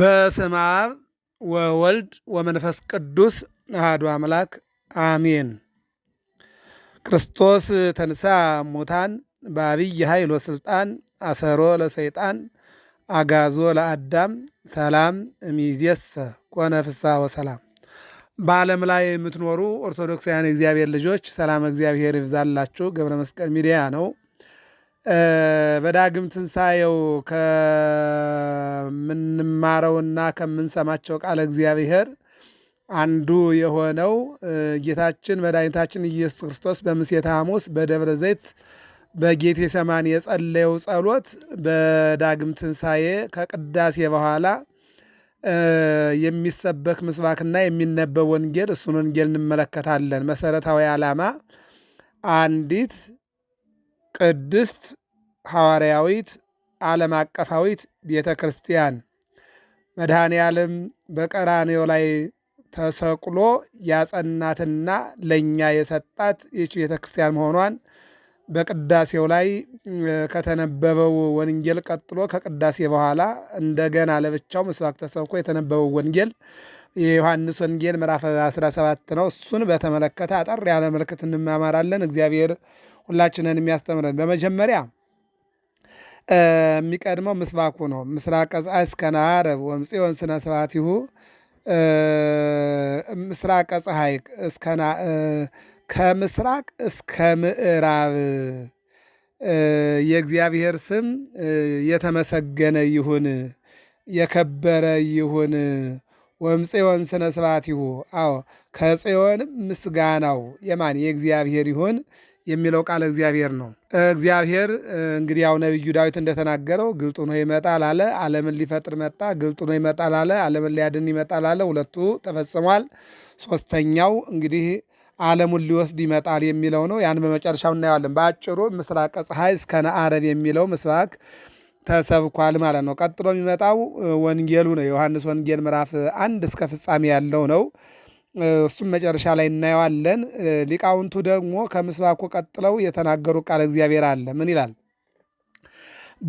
በስመ አብ ወወልድ ወመንፈስ ቅዱስ አሐዱ አምላክ አሜን። ክርስቶስ ተንሳ ሙታን በአብይ ኃይል ስልጣን አሰሮ ለሰይጣን አጋዞ ለአዳም ሰላም እምይእዜሰ ኮነ ፍሳ ወሰላም። በዓለም ላይ የምትኖሩ ኦርቶዶክሳውያን እግዚአብሔር ልጆች ሰላም እግዚአብሔር ይብዛላችሁ። ገብረ መስቀል ሚዲያ ነው። በዳግም ትንሣኤው ከምንማረውና ከምንሰማቸው ቃለ እግዚአብሔር አንዱ የሆነው ጌታችን መድኃኒታችን ኢየሱስ ክርስቶስ በምሴተ ሐሙስ በደብረ ዘይት በጌቴ ሰማን የጸለየው ጸሎት በዳግም ትንሣኤ ከቅዳሴ በኋላ የሚሰበክ ምስባክና የሚነበብ ወንጌል እሱን ወንጌል እንመለከታለን። መሰረታዊ ዓላማ አንዲት ቅድስት ሐዋርያዊት ዓለም አቀፋዊት ቤተ ክርስቲያን መድኃኔ ዓለም በቀራንዮ ላይ ተሰቅሎ ያጸናትና ለእኛ የሰጣት ይች ቤተ ክርስቲያን መሆኗን በቅዳሴው ላይ ከተነበበው ወንጌል ቀጥሎ ከቅዳሴ በኋላ እንደገና ለብቻው ምስባክ ተሰብኮ የተነበበው ወንጌል የዮሐንስ ወንጌል ምዕራፍ 17 ነው። እሱን በተመለከተ አጠር ያለ መልክት እንማማራለን። እግዚአብሔር ሁላችንን የሚያስተምረን በመጀመሪያ የሚቀድመው ምስባኩ ነው። ምስራቀ ፀሐይ እስከ ነዓርብ ወምጽዮን ስነ ስብሐቲሁ። ምስራቀ ፀሐይ ከምስራቅ እስከ ምዕራብ የእግዚአብሔር ስም የተመሰገነ ይሁን የከበረ ይሁን። ወምጽዮን ስነ ስባት ይሁ አዎ ከጽዮንም ምስጋናው የማን የእግዚአብሔር ይሁን የሚለው ቃል እግዚአብሔር ነው። እግዚአብሔር እንግዲህ ያው ነቢዩ ዳዊት እንደተናገረው ግልጡ ነው ይመጣል አለ፣ ዓለምን ሊፈጥር መጣ። ግልጡ ነው ይመጣል አለ፣ ዓለምን ሊያድን ይመጣል አለ። ሁለቱ ተፈጽሟል። ሶስተኛው እንግዲህ ዓለሙን ሊወስድ ይመጣል የሚለው ነው። ያን በመጨረሻው እናየዋለን። በአጭሩ ምስራቀ ፀሐይ እስከ ነዓረብ የሚለው ምስባክ ተሰብኳል ማለት ነው። ቀጥሎ የሚመጣው ወንጌሉ ነው። ዮሐንስ ወንጌል ምዕራፍ አንድ እስከ ፍጻሜ ያለው ነው። እሱም መጨረሻ ላይ እናየዋለን። ሊቃውንቱ ደግሞ ከምስባኩ ቀጥለው የተናገሩ ቃል እግዚአብሔር አለ። ምን ይላል?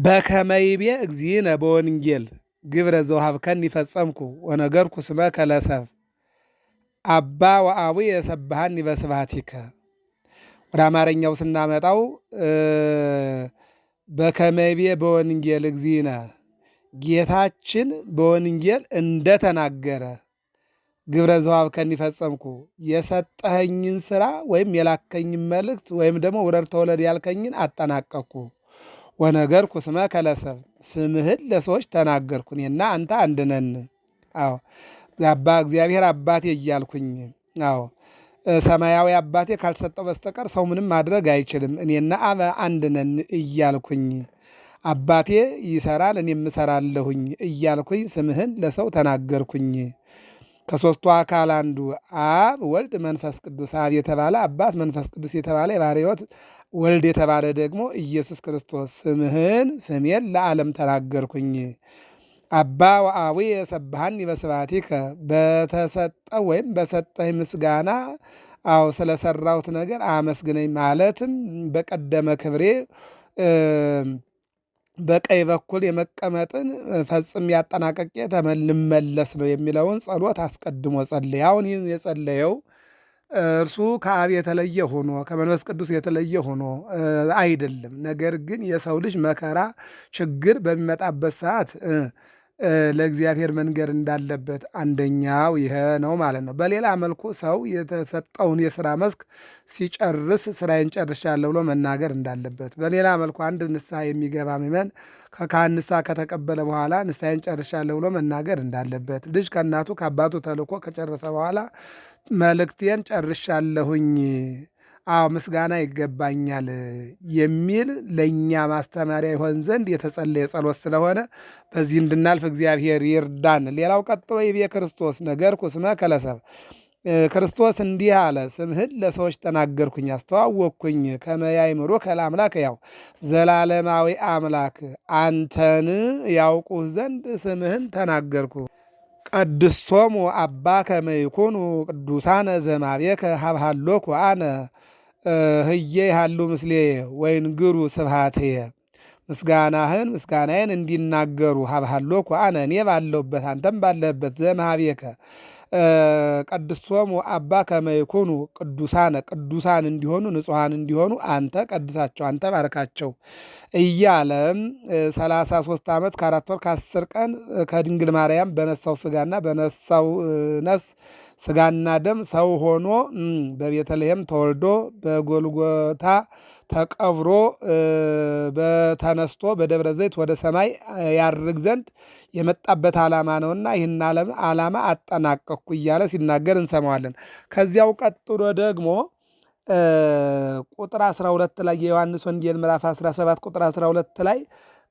በከመይቤ እግዚእነ በወንጌል ግብረ ዘውሃብከኒ ይፈጸምኩ ወነገርኩ ስመ ከለሰብ አባ ወአቡ የሰብሃን በስብሐቲከ። ወደ አማርኛው ስናመጣው በከመይቤ በወንጌል እግዚእነ ጌታችን በወንጌል እንደተናገረ ግብረ ዘዋብ ከኒፈጸምኩ የሰጠኸኝን ስራ ወይም የላከኝን መልእክት ወይም ደግሞ ውረድ ተወለድ ያልከኝን አጠናቀቅኩ። ወነገርኩ ስመ ከለሰብ ስምህን ለሰዎች ተናገርኩ። እኔና አንተ አንድ ነን። አዎ አባ እግዚአብሔር አባቴ እያልኩኝ አዎ ሰማያዊ አባቴ ካልሰጠው በስተቀር ሰው ምንም ማድረግ አይችልም። እኔና አብ አንድ ነን እያልኩኝ አባቴ ይሰራል እኔም እሰራለሁኝ እያልኩኝ ስምህን ለሰው ተናገርኩኝ። ከሶስቱ አካል አንዱ አብ ወልድ መንፈስ ቅዱስ አብ የተባለ አባት መንፈስ ቅዱስ የተባለ የባሕርይ ወልድ የተባለ ደግሞ ኢየሱስ ክርስቶስ ስምህን ስሜን ለዓለም ተናገርኩኝ አባ ወአዊ የሰብሃኒ በስባቲከ በተሰጠው ወይም በሰጠኝ ምስጋና አው ስለሰራሁት ነገር አመስግነኝ ማለትም በቀደመ ክብሬ በቀኝ በኩል የመቀመጥን ፈጽም ያጠናቀቄ ተመልመለስ ነው የሚለውን ጸሎት አስቀድሞ ጸለየ። አሁን ይህን የጸለየው እርሱ ከአብ የተለየ ሆኖ ከመንፈስ ቅዱስ የተለየ ሆኖ አይደለም። ነገር ግን የሰው ልጅ መከራ ችግር በሚመጣበት ሰዓት ለእግዚአብሔር መንገድ እንዳለበት አንደኛው ይሄ ነው ማለት ነው። በሌላ መልኩ ሰው የተሰጠውን የስራ መስክ ሲጨርስ ስራዬን ጨርሻለሁ ብሎ መናገር እንዳለበት፣ በሌላ መልኩ አንድ ንስሐ የሚገባ ምዕመን ከካህን ንስሐ ከተቀበለ በኋላ ንስሐዬን ጨርሻለሁ ብሎ መናገር እንዳለበት፣ ልጅ ከእናቱ ከአባቱ ተልኮ ከጨረሰ በኋላ መልእክቴን ጨርሻለሁኝ አዎ ምስጋና ይገባኛል የሚል ለእኛ ማስተማሪያ ይሆን ዘንድ የተጸለየ ጸሎት ስለሆነ በዚህ እንድናልፍ እግዚአብሔር ይርዳን። ሌላው ቀጥሎ ይቤ ክርስቶስ ነገርኩ ስመ ከለሰብ ክርስቶስ እንዲህ አለ፣ ስምህን ለሰዎች ተናገርኩኝ አስተዋወቅኩኝ። ከመያይምሮ ከለአምላክ ያው ዘላለማዊ አምላክ አንተን ያውቁህ ዘንድ ስምህን ተናገርኩ። ቀድሶሙ አባ ከመይኩኑ ቅዱሳነ ዘማቤከ ሀብሃሎኩ አነ ህየ ያሉ ምስሌ ወይን ግሩ ስብሃትየ ምስጋናህን ምስጋናዬን እንዲናገሩ ሀብሃሎኩ አነ እኔ ባለሁበት አንተም ባለህበት ዘመሀብየከ ቀድሶሙ አባ ከመይኩኑ ቅዱሳነ ቅዱሳን እንዲሆኑ ንጹሐን እንዲሆኑ አንተ ቀድሳቸው አንተ ባርካቸው እያለ 33 ዓመት ከአራት ወር ከአስር ቀን ከድንግል ማርያም በነሳው ስጋና በነሳው ነፍስ ስጋና ደም ሰው ሆኖ በቤተልሔም ተወልዶ በጎልጎታ ተቀብሮ በተነስቶ በደብረ ዘይት ወደ ሰማይ ያርግ ዘንድ የመጣበት ዓላማ ነውና ይህን ዓላማ አጠናቀቁ። ተባረኩ እያለ ሲናገር እንሰማዋለን። ከዚያው ቀጥሎ ደግሞ ቁጥር 12 ላይ የዮሐንስ ወንጌል ምዕራፍ 17 ቁጥር 12 ላይ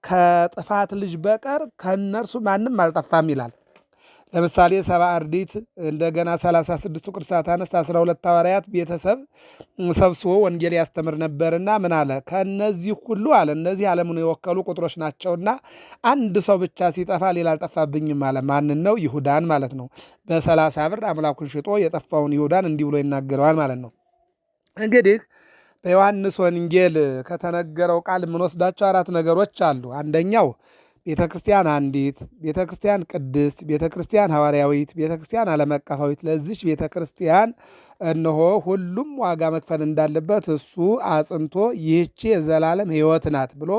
ከጥፋት ልጅ በቀር ከእነርሱ ማንም አልጠፋም ይላል። ለምሳሌ ሰባ አርዲት እንደገና 36 ስድስቱ ቅዱሳት አንስት 12 ሐዋርያት ቤተሰብ ሰብስቦ ወንጌል ያስተምር ነበርና ምን አለ? ከእነዚህ ሁሉ አለ እነዚህ ዓለምን የወከሉ ቁጥሮች ናቸውና አንድ ሰው ብቻ ሲጠፋ ሌላ አልጠፋብኝም አለ። ማንን ነው? ይሁዳን ማለት ነው። በሰላሳ ብር አምላኩን ሽጦ የጠፋውን ይሁዳን እንዲህ ብሎ ይናገረዋል ማለት ነው። እንግዲህ በዮሐንስ ወንጌል ከተነገረው ቃል የምንወስዳቸው አራት ነገሮች አሉ። አንደኛው ቤተ ክርስቲያን አንዲት፣ ቤተ ክርስቲያን ቅድስት፣ ቤተ ክርስቲያን ሐዋርያዊት፣ ቤተ ክርስቲያን ዓለም አቀፋዊት። ለዚች ቤተ ክርስቲያን እነሆ ሁሉም ዋጋ መክፈል እንዳለበት እሱ አጽንቶ ይህቺ የዘላለም ሕይወት ናት ብሎ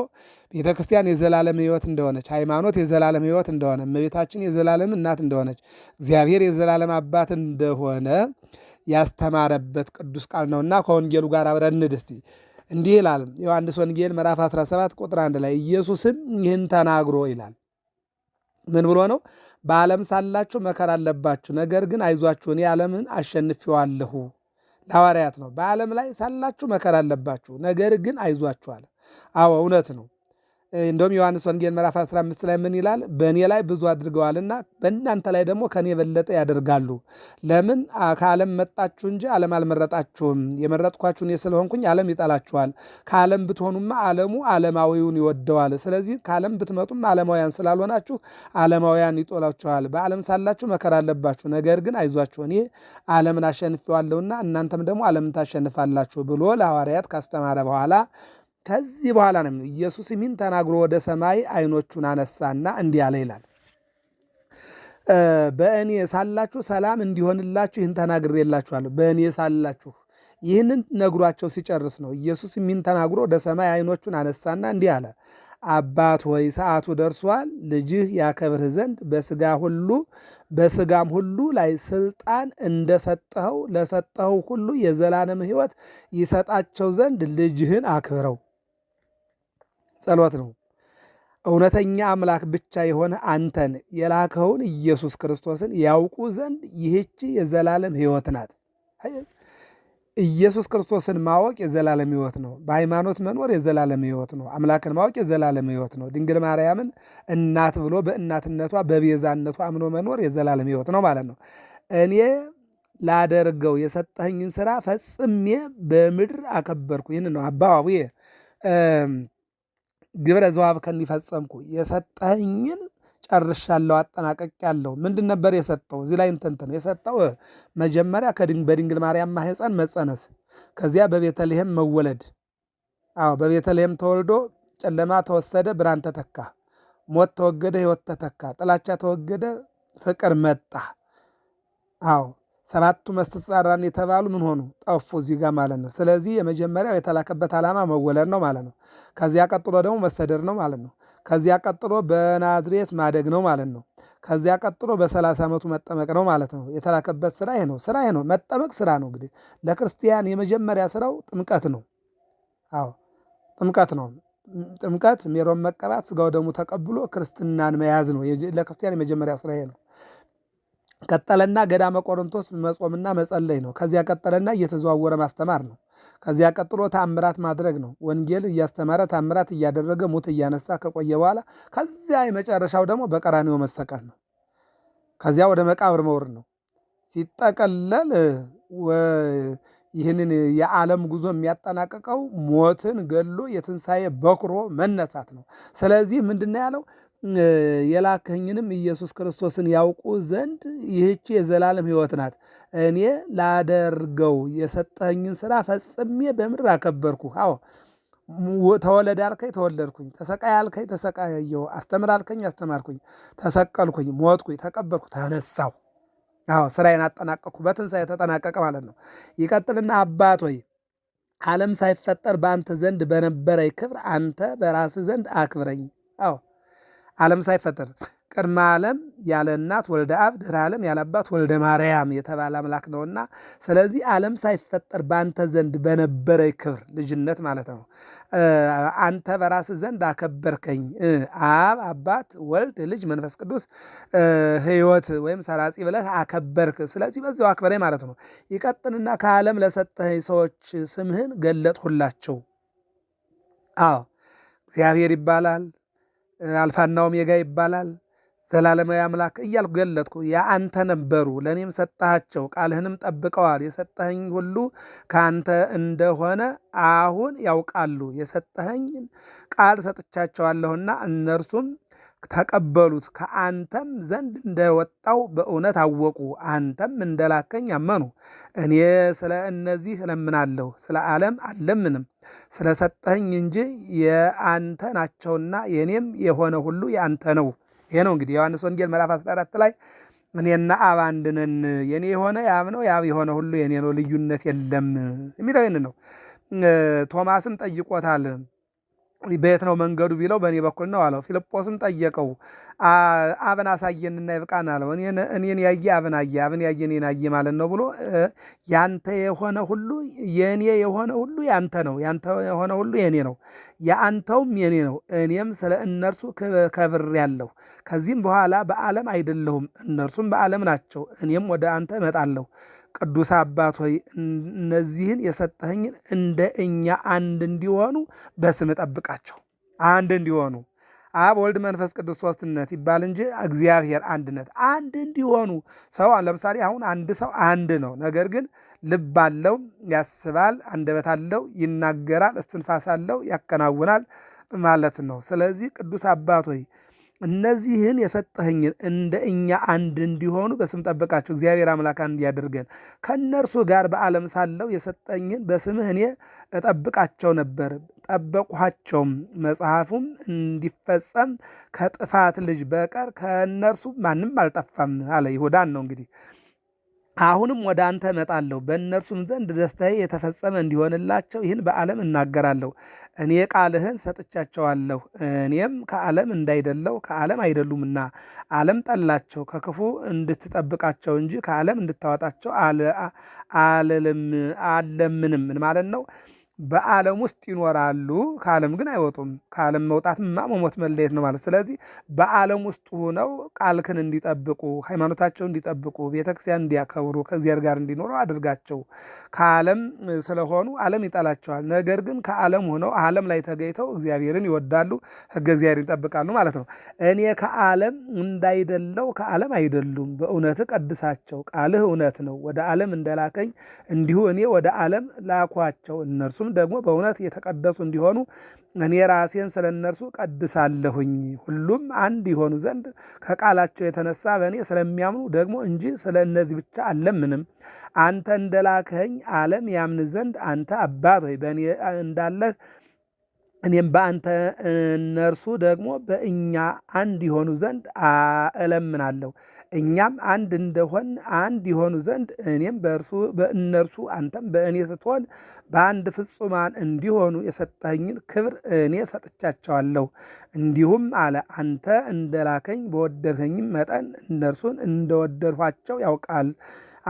ቤተ ክርስቲያን የዘላለም ሕይወት እንደሆነች፣ ሃይማኖት የዘላለም ሕይወት እንደሆነ፣ እመቤታችን የዘላለም እናት እንደሆነች፣ እግዚአብሔር የዘላለም አባት እንደሆነ ያስተማረበት ቅዱስ ቃል ነውና ከወንጌሉ ጋር አብረን እንዲህ ይላል ዮሐንስ ወንጌል ምዕራፍ 17 ቁጥር 1 ላይ ኢየሱስም ይህን ተናግሮ ይላል። ምን ብሎ ነው? በዓለም ሳላችሁ መከራ አለባችሁ፣ ነገር ግን አይዟችሁ እኔ ዓለምን አሸንፌዋለሁ። ለሐዋርያት ነው። በዓለም ላይ ሳላችሁ መከራ አለባችሁ፣ ነገር ግን አይዟችሁ አለ። አዎ እውነት ነው። እንደውም ዮሐንስ ወንጌል ምዕራፍ 15 ላይ ምን ይላል? በእኔ ላይ ብዙ አድርገዋልና በእናንተ ላይ ደግሞ ከኔ የበለጠ ያደርጋሉ። ለምን ከዓለም መጣችሁ እንጂ ዓለም አልመረጣችሁም። የመረጥኳችሁ እኔ ስለሆንኩኝ ዓለም ይጠላችኋል። ከዓለም ብትሆኑማ ዓለሙ ዓለማዊውን ይወደዋል። ስለዚህ ከዓለም ብትመጡም ዓለማውያን ስላልሆናችሁ ዓለማውያን ይጦላችኋል። በዓለም ሳላችሁ መከራ አለባችሁ። ነገር ግን አይዟችሁ እኔ ዓለምን አሸንፌዋለሁና እናንተም ደግሞ ዓለምን ታሸንፋላችሁ ብሎ ለሐዋርያት ካስተማረ በኋላ ከዚህ በኋላ ነው ኢየሱስ ምን ተናግሮ ወደ ሰማይ አይኖቹን አነሳና እንዲህ አለ ይላል በእኔ ሳላችሁ ሰላም እንዲሆንላችሁ ይህን ተናግሬላችኋለሁ። በእኔ ሳላችሁ ይህንን ነግሯቸው ሲጨርስ ነው ኢየሱስ ምን ተናግሮ ወደ ሰማይ አይኖቹን አነሳና እንዲህ አለ፣ አባት ሆይ ሰዓቱ ደርሷል፣ ልጅህ ያከብርህ ዘንድ በስጋ ሁሉ በስጋም ሁሉ ላይ ስልጣን እንደሰጠኸው ለሰጠኸው ሁሉ የዘላለም ሕይወት ይሰጣቸው ዘንድ ልጅህን አክብረው ጸሎት ነው። እውነተኛ አምላክ ብቻ የሆነ አንተን የላከውን ኢየሱስ ክርስቶስን ያውቁ ዘንድ ይህች የዘላለም ሕይወት ናት። ኢየሱስ ክርስቶስን ማወቅ የዘላለም ሕይወት ነው። በሃይማኖት መኖር የዘላለም ሕይወት ነው። አምላክን ማወቅ የዘላለም ሕይወት ነው። ድንግል ማርያምን እናት ብሎ በእናትነቷ በቤዛነቷ አምኖ መኖር የዘላለም ሕይወት ነው ማለት ነው። እኔ ላደርገው የሰጠኸኝን ስራ ፈጽሜ በምድር አከበርኩ። ይህን ነው አባባቡ። ግብረ ዘዋብ ከኒ ፈጸምኩ የሰጠኝን ጨርሻለሁ፣ ያለው ምንድን ነበር የሰጠው? እዚህ ላይ ነው የሰጠው መጀመሪያ በድንግል ማርያም ማህፀን መጸነስ፣ ከዚያ በቤተልሔም መወለድ። አዎ በቤተልሔም ተወልዶ ጨለማ ተወሰደ፣ ብርሃን ተተካ። ሞት ተወገደ፣ ህይወት ተተካ። ጥላቻ ተወገደ፣ ፍቅር መጣ። አዎ ሰባቱ መስተጻራን የተባሉ ምን ሆኑ? ጠፉ። እዚህ ጋር ማለት ነው። ስለዚህ የመጀመሪያው የተላከበት ዓላማ መወለድ ነው ማለት ነው። ከዚያ ቀጥሎ ደግሞ መሰደድ ነው ማለት ነው። ከዚያ ቀጥሎ በናዝሬት ማደግ ነው ማለት ነው። ከዚያ ቀጥሎ በሰላሳ ዓመቱ መጠመቅ ነው ማለት ነው። የተላከበት ስራ ይሄ ነው። ስራ ይሄ ነው። መጠመቅ ስራ ነው። እንግዲህ ለክርስቲያን የመጀመሪያ ስራው ጥምቀት ነው። አዎ ጥምቀት ነው። ጥምቀት ሜሮን መቀባት፣ ስጋ ወደሙ ተቀብሎ ክርስትናን መያዝ ነው። ለክርስቲያን የመጀመሪያ ስራ ይሄ ነው። ቀጠለና ገዳመ ቆሮንቶስ መጾምና መጸለይ ነው። ከዚያ ቀጠለና እየተዘዋወረ ማስተማር ነው። ከዚያ ቀጥሎ ታምራት ማድረግ ነው። ወንጌል እያስተማረ ታምራት እያደረገ ሙት እያነሳ ከቆየ በኋላ ከዚያ የመጨረሻው ደግሞ በቀራኒው መሰቀል ነው። ከዚያ ወደ መቃብር መውረድ ነው። ሲጠቀለል ይህንን የዓለም ጉዞ የሚያጠናቀቀው ሞትን ገሎ የትንሣኤ በኩሮ መነሳት ነው። ስለዚህ ምንድን ነው ያለው? የላከኝንም ኢየሱስ ክርስቶስን ያውቁ ዘንድ ይህች የዘላለም ሕይወት ናት። እኔ ላደርገው የሰጠኝን ስራ ፈጽሜ በምድር አከበርኩ። አዎ ተወለደ አልከኝ፣ ተወለድኩኝ። ተሰቃይ አልከኝ፣ ተሰቃየው፣ አስተምር አልከኝ፣ አስተማርኩኝ። ተሰቀልኩኝ፣ ሞትኩኝ፣ ተቀበርኩ፣ ተነሳሁ። አዎ ስራዬን አጠናቀቅኩ። በትንሣኤ ተጠናቀቀ ማለት ነው። ይቀጥልና አባት ሆይ ዓለም ሳይፈጠር በአንተ ዘንድ በነበረኝ ክብር አንተ በራስህ ዘንድ አክብረኝ። አዎ ዓለም ሳይፈጠር ቅድመ ዓለም ያለ እናት ወልደ አብ ድህረ ዓለም ያለ አባት ወልደ ማርያም የተባለ አምላክ ነውና፣ ስለዚህ ዓለም ሳይፈጠር በአንተ ዘንድ በነበረ ክብር ልጅነት ማለት ነው። አንተ በራስ ዘንድ አከበርከኝ። አብ አባት፣ ወልድ ልጅ፣ መንፈስ ቅዱስ ህይወት ወይም ሰራጺ ብለህ አከበርክ። ስለዚህ በዚያው አክበረኝ ማለት ነው። ይቀጥንና ከዓለም ለሰጠኸኝ ሰዎች ስምህን ገለጥሁላቸው። አዎ እግዚአብሔር ይባላል። አልፋና ኦሜጋ ይባላል ዘላለማዊ አምላክ እያልኩ ገለጥኩ። የአንተ ነበሩ ለእኔም ሰጠሃቸው፣ ቃልህንም ጠብቀዋል። የሰጠኸኝ ሁሉ ከአንተ እንደሆነ አሁን ያውቃሉ። የሰጠኸኝ ቃል ሰጥቻቸዋለሁና እነርሱም ተቀበሉት፣ ከአንተም ዘንድ እንደወጣው በእውነት አወቁ። አንተም እንደላከኝ አመኑ። እኔ ስለ እነዚህ እለምናለሁ፣ ስለ ዓለም አልለምንም፣ ስለሰጠኝ እንጂ የአንተ ናቸውና የእኔም የሆነ ሁሉ የአንተ ነው። ይሄ ነው እንግዲህ ዮሐንስ ወንጌል ምዕራፍ 14 ላይ እኔና አብ አንድ ነን፣ የኔ የሆነ የአብ ነው፣ የአብ የሆነ ሁሉ የኔ ነው፣ ልዩነት የለም የሚለው ይህን ነው። ቶማስም ጠይቆታል በየት ነው መንገዱ ቢለው በእኔ በኩል ነው አለው። ፊልጶስም ጠየቀው፣ አብን አሳየንና ይብቃን አለው። እኔን ያየ አብን አየ፣ አብን ያየ እኔን አየ ማለት ነው ብሎ ያንተ የሆነ ሁሉ የእኔ የሆነ ሁሉ ያንተ ነው፣ ያንተ የሆነ ሁሉ የእኔ ነው፣ የአንተውም የእኔ ነው። እኔም ስለ እነርሱ ከብር ያለሁ ከዚህም በኋላ በዓለም አይደለሁም፣ እነርሱም በዓለም ናቸው፣ እኔም ወደ አንተ እመጣለሁ ቅዱስ አባት ሆይ እነዚህን የሰጠኸኝን እንደ እኛ አንድ እንዲሆኑ በስም ጠብቃቸው። አንድ እንዲሆኑ አብ ወልድ መንፈስ ቅዱስ ሶስትነት ይባል እንጂ እግዚአብሔር አንድነት አንድ እንዲሆኑ ሰው ለምሳሌ አሁን አንድ ሰው አንድ ነው። ነገር ግን ልብ አለው፣ ያስባል፣ አንደበት አለው፣ ይናገራል፣ እስትንፋስ አለው፣ ያከናውናል ማለት ነው። ስለዚህ ቅዱስ አባት ሆይ እነዚህን የሰጠኸኝን እንደ እኛ አንድ እንዲሆኑ በስም ጠብቃቸው እግዚአብሔር አምላክ አንድ ያድርገን። ከእነርሱ ጋር በዓለም ሳለው የሰጠኝን በስምህ እኔ እጠብቃቸው ነበር፣ ጠበቅኋቸውም። መጽሐፉም እንዲፈጸም ከጥፋት ልጅ በቀር ከእነርሱ ማንም አልጠፋም አለ። ይሁዳን ነው እንግዲህ አሁንም ወደ አንተ እመጣለሁ፣ በእነርሱም ዘንድ ደስታዬ የተፈጸመ እንዲሆንላቸው ይህን በዓለም እናገራለሁ። እኔ ቃልህን ሰጥቻቸዋለሁ፣ እኔም ከዓለም እንዳይደለው ከዓለም አይደሉምና ዓለም ጠላቸው። ከክፉ እንድትጠብቃቸው እንጂ ከዓለም እንድታወጣቸው አለምንም። ምን ማለት ነው? በዓለም ውስጥ ይኖራሉ ከዓለም ግን አይወጡም። ከዓለም መውጣት መሞት መለየት ነው ማለት። ስለዚህ በዓለም ውስጥ ሆነው ቃልክን እንዲጠብቁ፣ ሃይማኖታቸውን እንዲጠብቁ፣ ቤተክርስቲያን እንዲያከብሩ፣ ከእግዚአብሔር ጋር እንዲኖሩ አድርጋቸው። ከዓለም ስለሆኑ ዓለም ይጠላቸዋል። ነገር ግን ከዓለም ሆነው ዓለም ላይ ተገኝተው እግዚአብሔርን ይወዳሉ፣ ሕገ እግዚአብሔር ይጠብቃሉ ማለት ነው። እኔ ከዓለም እንዳይደለው ከዓለም አይደሉም። በእውነት ቀድሳቸው፣ ቃልህ እውነት ነው። ወደ ዓለም እንደላከኝ እንዲሁ እኔ ወደ ዓለም ላኳቸው እነርሱም እነርሱም ደግሞ በእውነት የተቀደሱ እንዲሆኑ እኔ ራሴን ስለ እነርሱ ቀድሳለሁኝ። ሁሉም አንድ የሆኑ ዘንድ ከቃላቸው የተነሳ በእኔ ስለሚያምኑ ደግሞ እንጂ ስለ እነዚህ ብቻ አለምንም። አንተ እንደላከኝ ዓለም ያምን ዘንድ አንተ አባት ሆይ በእኔ እንዳለህ እኔም በአንተ እነርሱ ደግሞ በእኛ አንድ የሆኑ ዘንድ እለምናለሁ። እኛም አንድ እንደሆን አንድ የሆኑ ዘንድ እኔም በእርሱ በእነርሱ አንተም በእኔ ስትሆን በአንድ ፍጹማን እንዲሆኑ የሰጠኝን ክብር እኔ ሰጥቻቸዋለሁ። እንዲሁም አለ፣ አንተ እንደላከኝ በወደድኸኝም መጠን እነርሱን እንደወደድኋቸው ያውቃል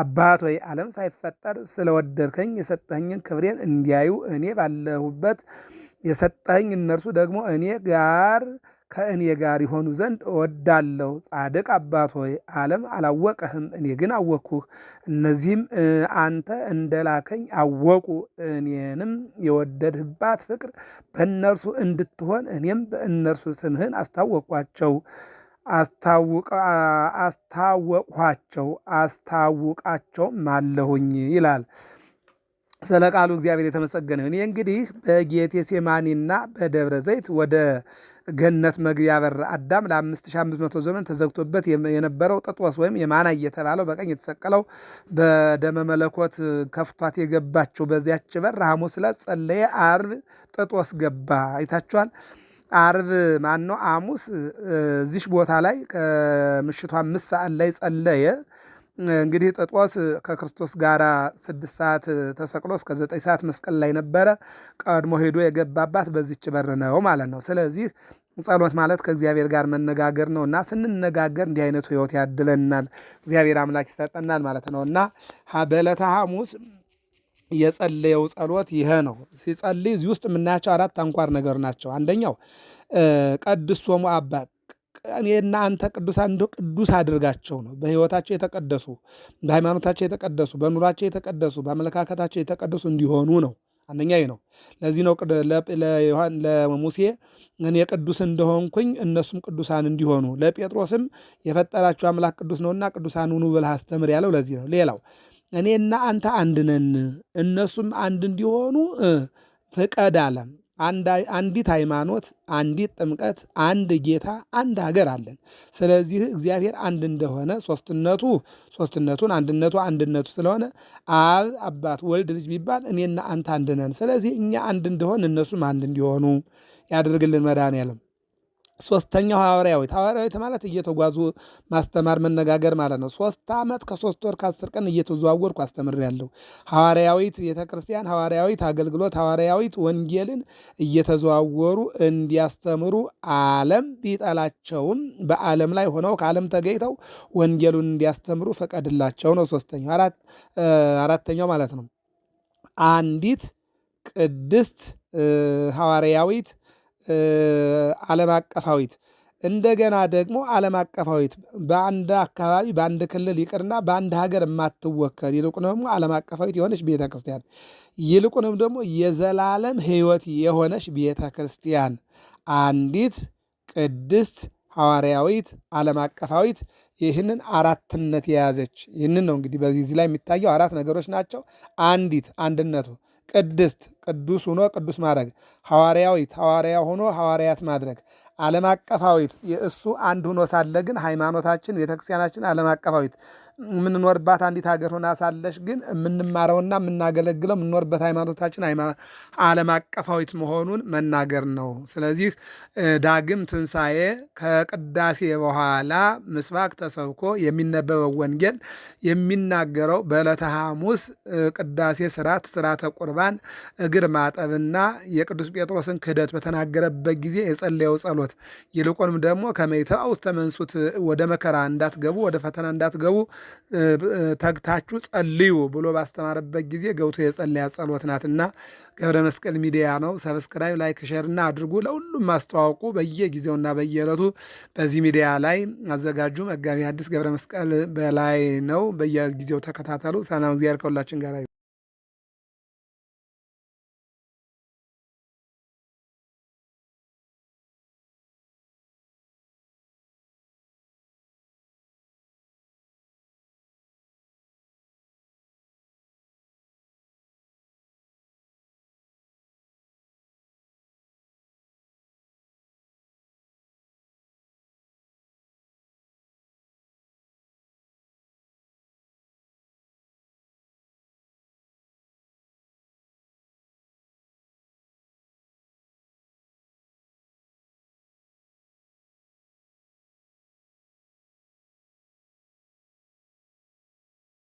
አባት ወይ ዓለም ሳይፈጠር ስለወደድከኝ የሰጠኸኝን ክብሬን እንዲያዩ እኔ ባለሁበት የሰጠኸኝ እነርሱ ደግሞ እኔ ጋር ከእኔ ጋር ይሆኑ ዘንድ እወዳለሁ። ጻድቅ አባት ሆይ ዓለም አላወቀህም፣ እኔ ግን አወቅኩህ። እነዚህም አንተ እንደላከኝ አወቁ፣ እኔንም የወደድህባት ፍቅር በእነርሱ እንድትሆን እኔም በእነርሱ ስምህን አስታወቅኳቸው። አስታወቅኋቸው አስታውቃቸው አለሁኝ ይላል። ስለ ቃሉ እግዚአብሔር የተመሰገነ። ይሁን። እንግዲህ በጌቴ ሴማኒና በደብረ ዘይት ወደ ገነት መግቢያ በር አዳም ለ5500 ዘመን ተዘግቶበት የነበረው ጥጦስ ወይም የማና እየተባለው በቀኝ የተሰቀለው በደመ መለኮት ከፍቷት የገባቸው በዚያች በር ሐሙስ ዕለት ጸለየ፣ ዓርብ ጥጦስ ገባ። አይታችኋል። አርብ ማነው ሐሙስ እዚሽ ቦታ ላይ ከምሽቱ አምስት ሰዓት ላይ ጸለየ። እንግዲህ ጥጦስ ከክርስቶስ ጋር ስድስት ሰዓት ተሰቅሎ እስከ ዘጠኝ ሰዓት መስቀል ላይ ነበረ። ቀድሞ ሄዶ የገባባት በዚች በር ነው ማለት ነው። ስለዚህ ጸሎት ማለት ከእግዚአብሔር ጋር መነጋገር ነው እና ስንነጋገር እንዲህ አይነቱ ህይወት ያድለናል፣ እግዚአብሔር አምላክ ይሰጠናል ማለት ነው እና በዕለተ ሐሙስ የጸለየው ጸሎት ይሄ ነው። ሲጸልይ እዚህ ውስጥ የምናያቸው አራት አንኳር ነገር ናቸው። አንደኛው ቀድስ ሶሙ እኔና አንተ ቅዱሳን እንደ ቅዱስ አድርጋቸው ነው። በህይወታቸው የተቀደሱ በሃይማኖታቸው የተቀደሱ በኑሯቸው የተቀደሱ በአመለካከታቸው የተቀደሱ እንዲሆኑ ነው። አንደኛ ነው። ለዚህ ነው ለሙሴ እኔ ቅዱስ እንደሆንኩኝ እነሱም ቅዱሳን እንዲሆኑ፣ ለጴጥሮስም የፈጠራቸው አምላክ ቅዱስ ነውና ቅዱሳን ሁኑ ብለህ አስተምር ያለው ለዚህ ነው። ሌላው እኔና አንተ አንድ ነን፣ እነሱም አንድ እንዲሆኑ ፍቀድ አለ። አንዲት ሃይማኖት፣ አንዲት ጥምቀት፣ አንድ ጌታ፣ አንድ ሀገር አለን። ስለዚህ እግዚአብሔር አንድ እንደሆነ ሶስትነቱ ሶስትነቱን አንድነቱ አንድነቱ ስለሆነ አብ አባት ወልድ ልጅ ቢባል እኔና አንተ አንድ ነን። ስለዚህ እኛ አንድ እንደሆን እነሱም አንድ እንዲሆኑ ያደርግልን መድኃኔዓለም። ሶስተኛው ሐዋርያዊት ሐዋርያዊት ማለት እየተጓዙ ማስተማር መነጋገር ማለት ነው። ሶስት ዓመት ከሶስት ወር ከአስር ቀን እየተዘዋወርኩ ያለው ሐዋርያዊት ቤተ ክርስቲያን፣ ሐዋርያዊት አገልግሎት፣ ሐዋርያዊት ወንጌልን እየተዘዋወሩ እንዲያስተምሩ ዓለም ቢጠላቸውም በዓለም ላይ ሆነው ከዓለም ተገኝተው ወንጌሉን እንዲያስተምሩ ፈቀድላቸው ነው። ሶስተኛው አራተኛው ማለት ነው አንዲት ቅድስት ሐዋርያዊት ዓለም አቀፋዊት እንደገና ደግሞ ዓለም አቀፋዊት በአንድ አካባቢ በአንድ ክልል ይቅርና በአንድ ሀገር የማትወከል ይልቁንም ደግሞ ዓለም አቀፋዊት የሆነች ቤተ ክርስቲያን ይልቁንም ደግሞ የዘላለም ሕይወት የሆነች ቤተ ክርስቲያን አንዲት ቅድስት ሐዋርያዊት ዓለም አቀፋዊት ይህንን አራትነት የያዘች ይህንን ነው እንግዲህ በዚህ ላይ የሚታየው አራት ነገሮች ናቸው። አንዲት አንድነቱ ቅድስት ቅዱስ ሆኖ ቅዱስ ማድረግ፣ ሐዋርያዊት ሐዋርያ ሆኖ ሐዋርያት ማድረግ፣ ዓለም አቀፋዊት የእሱ አንድ ሆኖ ሳለ ግን ሃይማኖታችን ቤተክርስቲያናችን ዓለም አቀፋዊት የምንኖርባት አንዲት ሀገር ሆና ሳለሽ ግን የምንማረውና የምናገለግለው የምንኖርበት ሃይማኖታችን ዓለም አቀፋዊት መሆኑን መናገር ነው። ስለዚህ ዳግም ትንሣኤ ከቅዳሴ በኋላ ምስባክ ተሰብኮ የሚነበበው ወንጌል የሚናገረው በዕለተ ሐሙስ ቅዳሴ ስርዓት፣ ስርዓተ ቁርባን፣ እግር ማጠብና የቅዱስ ጴጥሮስን ክህደት በተናገረበት ጊዜ የጸለየው ጸሎት ይልቁንም ደግሞ ከመይተው ውስጥ ተመንሱት ወደ መከራ እንዳትገቡ ወደ ፈተና እንዳትገቡ ተግታችሁ ጸልዩ ብሎ ባስተማረበት ጊዜ ገብቶ የጸለያ ጸሎት ናትና ገብረ መስቀል ሚዲያ ነው። ሰብስክራይብ፣ ላይክ፣ ሼርና አድርጉ። ለሁሉም ማስተዋወቁ በየጊዜውና በየዕለቱ በዚህ ሚዲያ ላይ አዘጋጁ መጋቢ አዲስ ገብረ መስቀል በላይ ነው። በየጊዜው ተከታተሉ። ሰላም እግዚአብሔር ከሁላችን ጋር